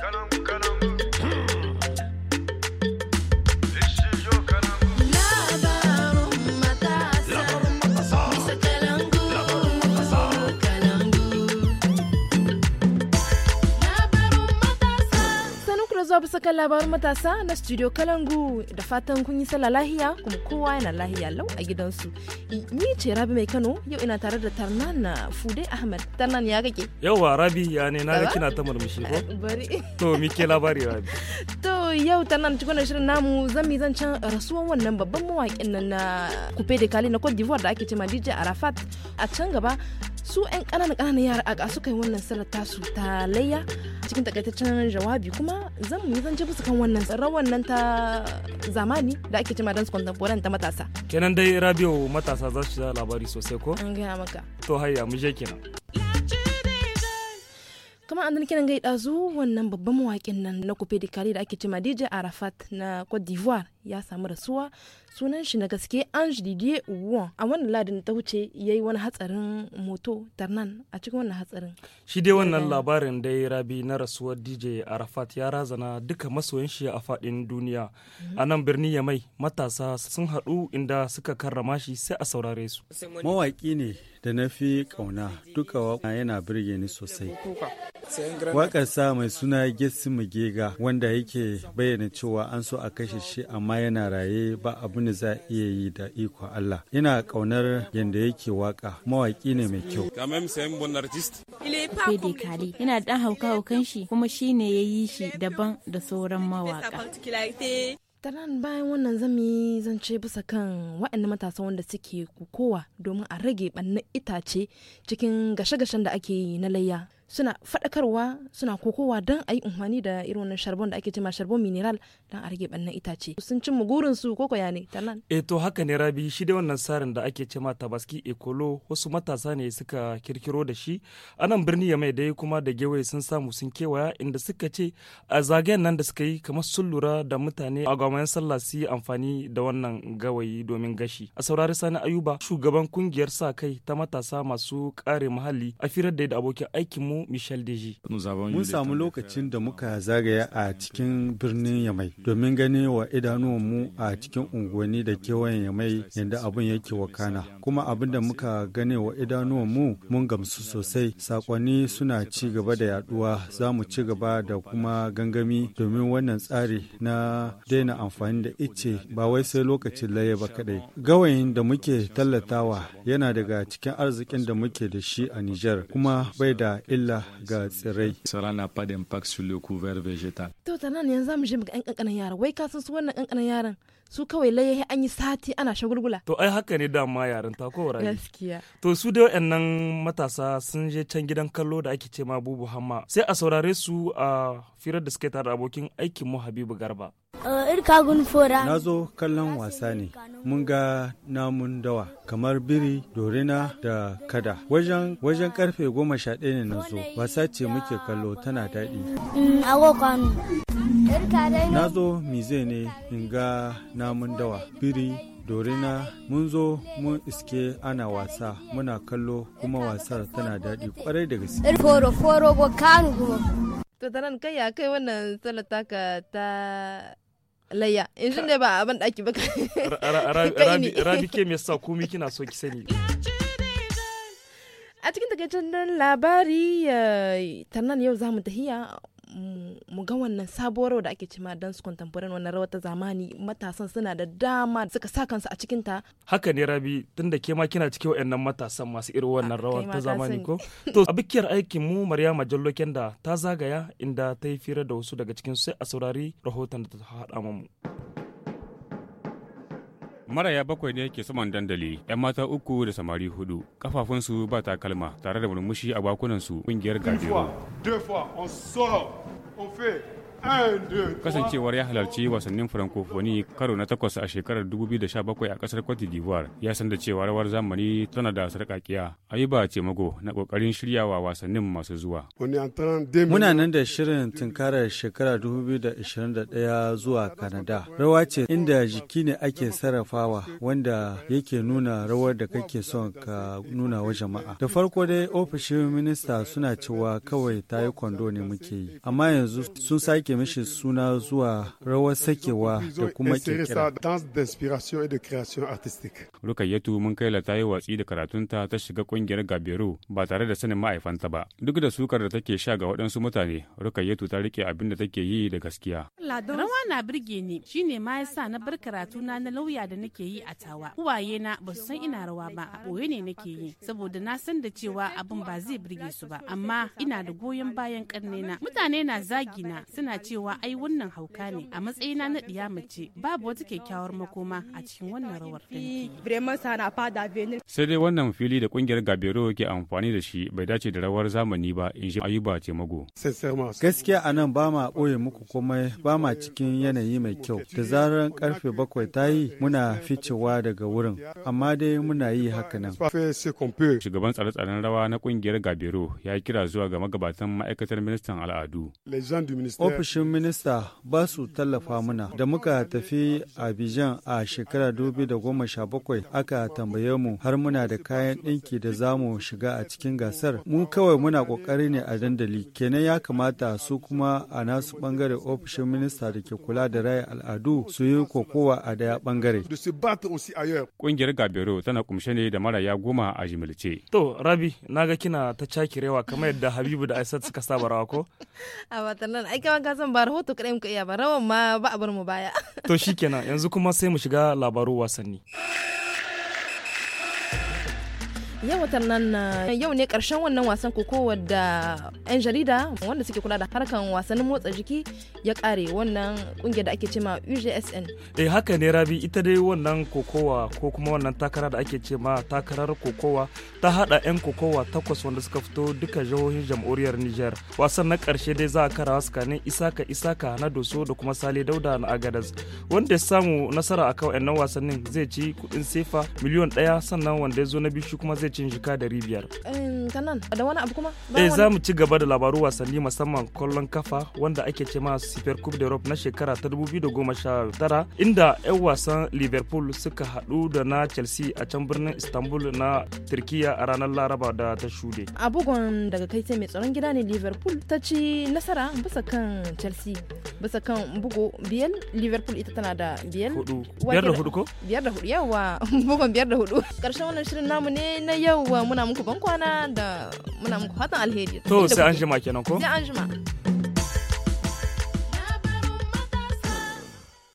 Calango, calango. dawowa bisa labarin matasa na studio kalangu da fatan kun yi sallah lahiya kuma kowa yana lahiya lau a gidansu ni ce rabi mai kano yau ina tare da tarnan na fude ahmed tarnan ya gake. yau wa rabi ya ne na gaki na ta murmushi ko to mi ke labari rabi to yau tarnan cikin shirin namu zan mi zan can rasuwan wannan babban mawaƙin nan na kupe de kali na cote d'ivoire da ake cema dj arafat a can gaba su 'yan ƙananan ƙananan yara a suka Kai wannan sarar tasu ta layya cikin takaitaccen jawabi kuma zan mu zan ji kan wannan tsarar wannan ta zamani da ake cima dance contemporary ta matasa kenan dai rabiyo matasa za su ci labari sosai ko an gaya maka to hayya mu je kenan kuma an kiran gaida ɗazu wannan babban mawaƙin nan na kufe da kare da ake cima DJ Arafat na Cote d'Ivoire ya samu rasuwa sunan shi na gaske ange didier uwon a wannan ladin ta wuce ya yi wani hatsarin moto tarnan a cikin wannan hatsarin shi dai wannan eh. labarin da ya rabi na rasuwar dj arafat ya razana duka masoyan shi a fadin duniya mhm. a nan birni ya mai matasa sun haɗu inda suka karrama shi sai a saurare su mawaƙi ne da na fi ƙauna duka yana birge ni sosai sa mai suna Getsi magega wanda yake bayyana cewa an so a kashe shi amma yana raye ba abin da za iya yi da iko Allah. Ina kaunar yadda yake waƙa mawaki ne mai kyau. Fede Kale yana ɗan hauka-haukan shi kuma shi ne ya yi shi daban da sauran mawaƙa. taran bayan wannan zami zance bisa kan waɗanda matasan wanda suke kowa domin a rage bannan itace cikin gashe-gashen da ake yi na layya suna faɗakarwa suna kokowa don a yi amfani da irin wannan sharbon da ake cema sharbon mineral don a rage ɓannan itace sun cin gurin su koko ya ne tanan eh to haka ne rabi shi dai wannan tsarin da ake cema tabaski ekolo wasu matasa ne suka kirkiro da shi anan birni ya mai dai kuma da gewaye sun samu sun kewaya inda suka ce a zagayen nan da suka yi kamar sun lura da mutane a gwamnatin sallah su yi amfani da wannan gawayi domin gashi a saurari sani ayuba shugaban kungiyar sa kai ta matasa masu kare muhalli a firar da abokin aikin mu Michel Deji. Mun samu lokacin da muka zagaya a cikin birnin Yamai domin gani wa mu a cikin unguwanni da kewayen Yamai yadda abin yake wakana. Kuma abin da muka gane wa mu mun gamsu sosai. Sakonni suna ci gaba da yaduwa za mu ci gaba da kuma gangami domin wannan tsari na daina amfani da ice ba wai sai lokacin laye ba kadai. Gawayin da muke tallatawa yana daga cikin arzikin da muke da shi a Nijar kuma bai da illa illa ga tsirrai. Sarana impact Park le Couvert végétal. To ta nan yanzu zamu je mu ga 'yan ƙanƙanan yaran. Wai ka san su wannan ƙanƙanan yaran su kawai laye an yi sati ana shagulgula. To ai haka ne dama yaran ta ko rayu. Gaskiya. To su da wayannan matasa sun je can gidan kallo da ake ce ma Bubu Hamma. Sai a saurare su a firar da suke tare abokin aikin mu Habibu Garba. Na zo kallon wasa ne, mun ga namun dawa kamar biri, dorina da kada. Wajen karfe goma sha ɗaya ne na zo, wasa ce muke kallo tana daɗi. Mm, na zo mize ne in ga namun dawa, biri, dorina mun zo mun iske ana wasa muna kallo kuma wasar tana daɗi kwarai da gaske. To kai ya kai wannan salata ka ta layya yanzu ne ba abin daki ba rabi ke me yasa komai kina so ki sani a cikin takaitaccen labari eh, tannan yau za mu tahiya mu ga wannan sabuwar rawa da ake cima dance contemporary wannan rawar ta zamani matasan suna da dama suka sa kansu a cikin ta haka ne rabi tunda ke ma kina cikin wayannan matasan masu irin wannan rawar ta zamani ko to a bikiyar aikin mu Maryama Jallo Kenda ta zagaya inda ta yi fira da wasu daga cikin sai a saurari rahoton da ta hada mu Maraya bakwai ne ke saman dandali, 'yan mata uku da samari hudu, kafafunsu ba takalma tare da murmushi a su. ƙungiyar gajero. Kasancewar ya halarci wasannin Francophonie karo na takwas a shekarar 2017 a kasar Cote d'Ivoire ya sanda cewa rawar zamani tana da sarƙaƙiya. Ayuba ce mago na ƙoƙarin shiryawa wasannin masu zuwa. Muna nan da shirin tunkarar shekara 2021 zuwa Canada. Rawa ce inda jiki ne ake sarrafawa wanda yake nuna rawar da kake son ka nuna wa jama'a. Da farko dai ofishin minista suna cewa kawai ta yi kwando ne muke yi. Amma yanzu sun sake sake mishi suna zuwa rawar sakewa da kuma kirkira. Rukayyatu mun kai ta yi watsi da karatunta ta shiga kungiyar Gabiru ba tare da sanin ma'aifanta ba. Duk da sukar da take sha ga waɗansu mutane, Rukayyatu ta rike abin da take yi da gaskiya. Rawa na birge ni, ne ma yasa na bar karatuna na lauya da nake yi a tawa. Uwaye na ba su san ina rawa ba, a ɓoye ne nake yi, saboda na san da cewa abin ba zai birge su ba, amma ina da goyon bayan ƙarnena. Mutane na zagina suna cewa ai wannan hauka ne a matsayina na ɗiya mace babu wata kyakkyawar makoma a cikin wannan rawar sai dai wannan fili da kungiyar gabero ke amfani da shi bai dace da rawar zamani ba in ji ayuba ce mago gaskiya a nan ba ma ɓoye muku komai ba ma cikin yanayi mai kyau da zarar karfe bakwai ta yi muna ficewa daga wurin amma dai muna yi haka nan shugaban tsare-tsaren rawa na kungiyar gabero ya kira zuwa ga magabatan ma'aikatar ministan al'adu ofishin minista ba su tallafa muna da muka tafi bijan a shekara 2017 aka tambaye mu har muna da kayan ɗinki da za mu shiga a cikin gasar. Mu kawai muna ƙoƙari ne a dandali, kenan ya kamata su kuma a nasu ɓangare ofishin minista da ke kula da raya al'adu su yi kokowa a daya ɓangare. Ƙungiyar Gabero tana kumshe ne da maraya goma a jimilce. To, Rabi, na ga kina ta cakirewa kamar yadda Habibu da Aisat suka saba rawa ko? A watan nan, ai zan ba rahoto kaɗai muka iya ba rawan ma ba a bar mu baya. To shi kenan yanzu kuma sai mu shiga labaru wasanni. watan nan eh, yau ne karshen wannan wasan koko wadda 'yan jarida wanda suke kula da harkan wasannin motsa jiki ya kare wannan kungiyar da ake cema UJSN. Eh haka ne Rabi ita dai wannan kokowa ko kuma wannan takara da ake cema takarar kokowa ta hada 'yan kokowa takwas wanda suka fito duka jihohin jamhuriyar Niger. Wasan na karshe dai za a kara tsakanin Isaka Isaka na Doso da kuma Sale Dauda na Agadez. Wanda ya samu nasara kawai 'yan wasannin zai ci kudin sefa miliyon ɗaya sannan wanda ya zo na biyu kuma zai ita cin jika dari biyar. da wani abu kuma. eh za mu ci gaba da labaru wasanni musamman kwallon kafa wanda ake ce ma super cup de europe na shekara ta 2019 inda 'yan wasan liverpool suka haɗu da na chelsea a can birnin istanbul na turkiya a ranar laraba da ta shuɗe. a bugun daga kai sai mai tsaron gida ne liverpool ta ci nasara bisa kan chelsea bisa kan bugu biyar liverpool ita tana da biyar. hudu biyar da hudu ko. biyar da hudu yawa bugun biyar da hudu. karshen wannan shirin namu ne na yauwa muna muku bankwana da muna muku fatan alheri to sai an jima kenan ko sai an jima